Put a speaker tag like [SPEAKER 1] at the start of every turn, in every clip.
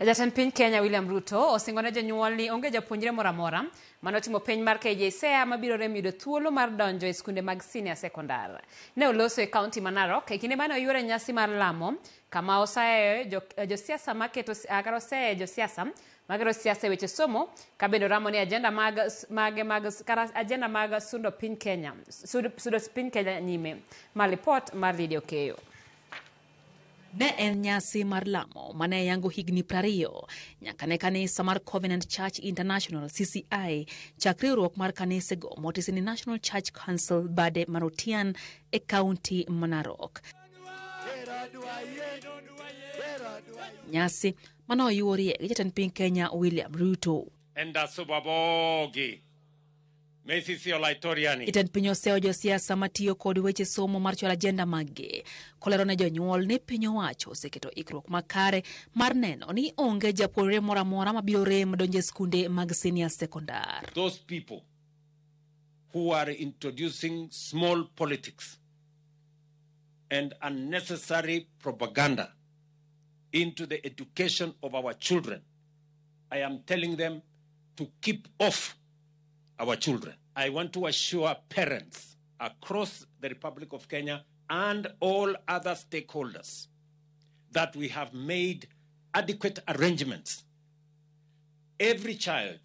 [SPEAKER 1] Jatend piny Kenya William Ruto ne jonyuol ni onge japuonjre moro amora mane otimo penj mar KJSEA mabiro rem yudo thuolo mar donjo e skunde mag senior secondar. Ne oloso e kaunti ma Narok e kinde mane oyuore nyasi mar lamo kama osayo josiasa maketo kata oseyo josiasa magero siasa e weche somo ka bende oramo ni ajenda mag mag, mag kata ajenda mag sundo piny Kenya sudo piny Kenya nyime Malipot mar Lydia Okeyo. Ne en nyasi mar lamo mane yango higni 20 nyaka ne kanisa mar Covenant Church International CCI chak riwruok mar kanisego motis ni National Church Council bade marotian e kaunti ma Narok. Nyasi mane oyuo riek gi jatend piny Kenya William Ruto.
[SPEAKER 2] Enda subabogi.
[SPEAKER 1] itend piny oseo josiasa matiyo kod weche somo mar chwalo ajenda maggi kolero ne jonyuol ni piny owacho oseketo ikruok makare mar neno ni onge japuonjre moro amora mabiro rem donjo e skunde mag senior
[SPEAKER 2] children, I am telling them to keep off our children. I want to assure parents across the Republic of Kenya and all other stakeholders that we have made adequate arrangements. Every child,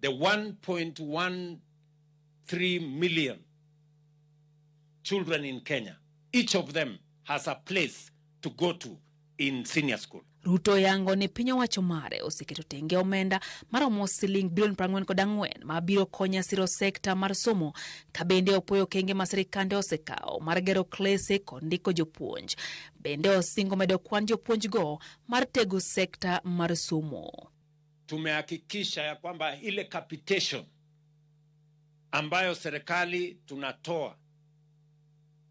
[SPEAKER 2] the 1.13 million children in Kenya, each of them has a place to go to in senior school.
[SPEAKER 1] Ruto yango ni piny owacho mare oseketo tenge omenda maromo siling bilion 40 kod ang'wen mabiro konya siro sekta mar somo ka bende opuoyo kenge ma sirikande osekawo mar gero klese kod ndiko jopuonj. Bende osingo medo kwan jopuonjgo mar tego sekta mar somo.
[SPEAKER 2] Tumehakikisha ya kwamba ile capitation ambayo serikali tunatoa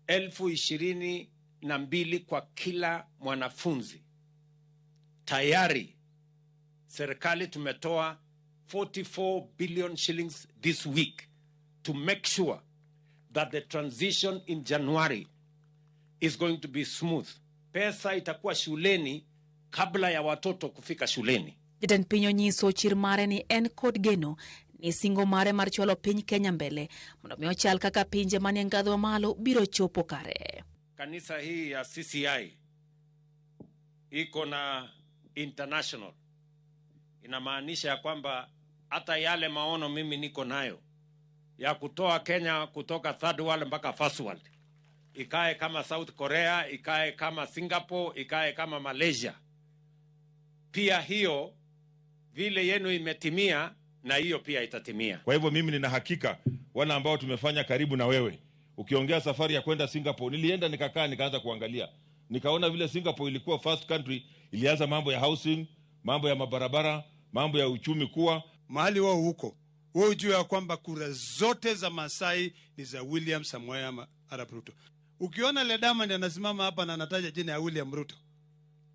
[SPEAKER 2] elfu ishirini na mbili kwa kila mwanafunzi tayari serikali tumetoa 44 billion shillings this week to make sure that the transition in January is going to be smooth. Pesa itakuwa shuleni kabla ya watoto kufika shuleni.
[SPEAKER 1] Jatend piny onyiso chir mare ni en kod geno ni singo mare mar chwalo piny Kenya mbele mondo mi ochal kaka pinje manie ngadhi mamalo biro chopo kare.
[SPEAKER 2] Kanisa hii ya CCI iko na international. Inamaanisha ya kwamba hata yale maono mimi niko nayo ya kutoa Kenya kutoka third world mpaka first world, ikae kama South Korea, ikae kama Singapore, ikae kama Malaysia. Pia hiyo vile yenu imetimia na hiyo pia itatimia. Kwa
[SPEAKER 3] hivyo mimi nina hakika wale ambao tumefanya karibu na wewe, ukiongea safari ya kwenda Singapore, nilienda nikakaa, nikaanza kuangalia, nikaona vile Singapore ilikuwa first country ilianza mambo ya housing, mambo ya mabarabara, mambo ya uchumi kuwa
[SPEAKER 4] mahali wao huko. Wewe ujue ya kwamba kura zote za Masai ni za William Samoei Arap Ruto. Ukiona Le Diamond anasimama hapa na anataja jina ya William Ruto,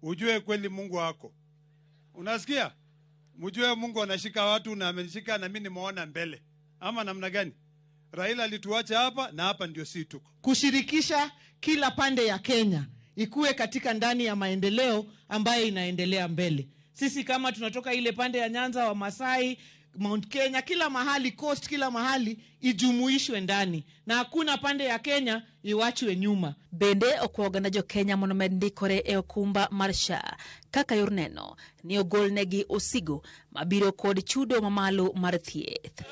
[SPEAKER 4] ujue kweli Mungu wako unasikia. Mjue Mungu anashika watu na amenishika na mimi nimeona mbele, ama namna gani? Raila alituacha hapa na hapa ndio si tuko
[SPEAKER 5] kushirikisha kila pande ya Kenya ikuwe katika ndani ya maendeleo ambayo inaendelea mbele. Sisi kama tunatoka ile pande ya Nyanza wa Masai, Mount Kenya, kila mahali coast, kila mahali ijumuishwe ndani na hakuna pande ya Kenya iwachwe nyuma.
[SPEAKER 1] Bende okwoganajo Kenya mondo med ndikore e okumba marsha kaka yor neno ni ogolnegi osigo mabiro kod chudo mamalo mar thieth.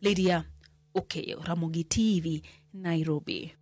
[SPEAKER 1] Lydia Okeyo, Ramogi TV, Nairobi.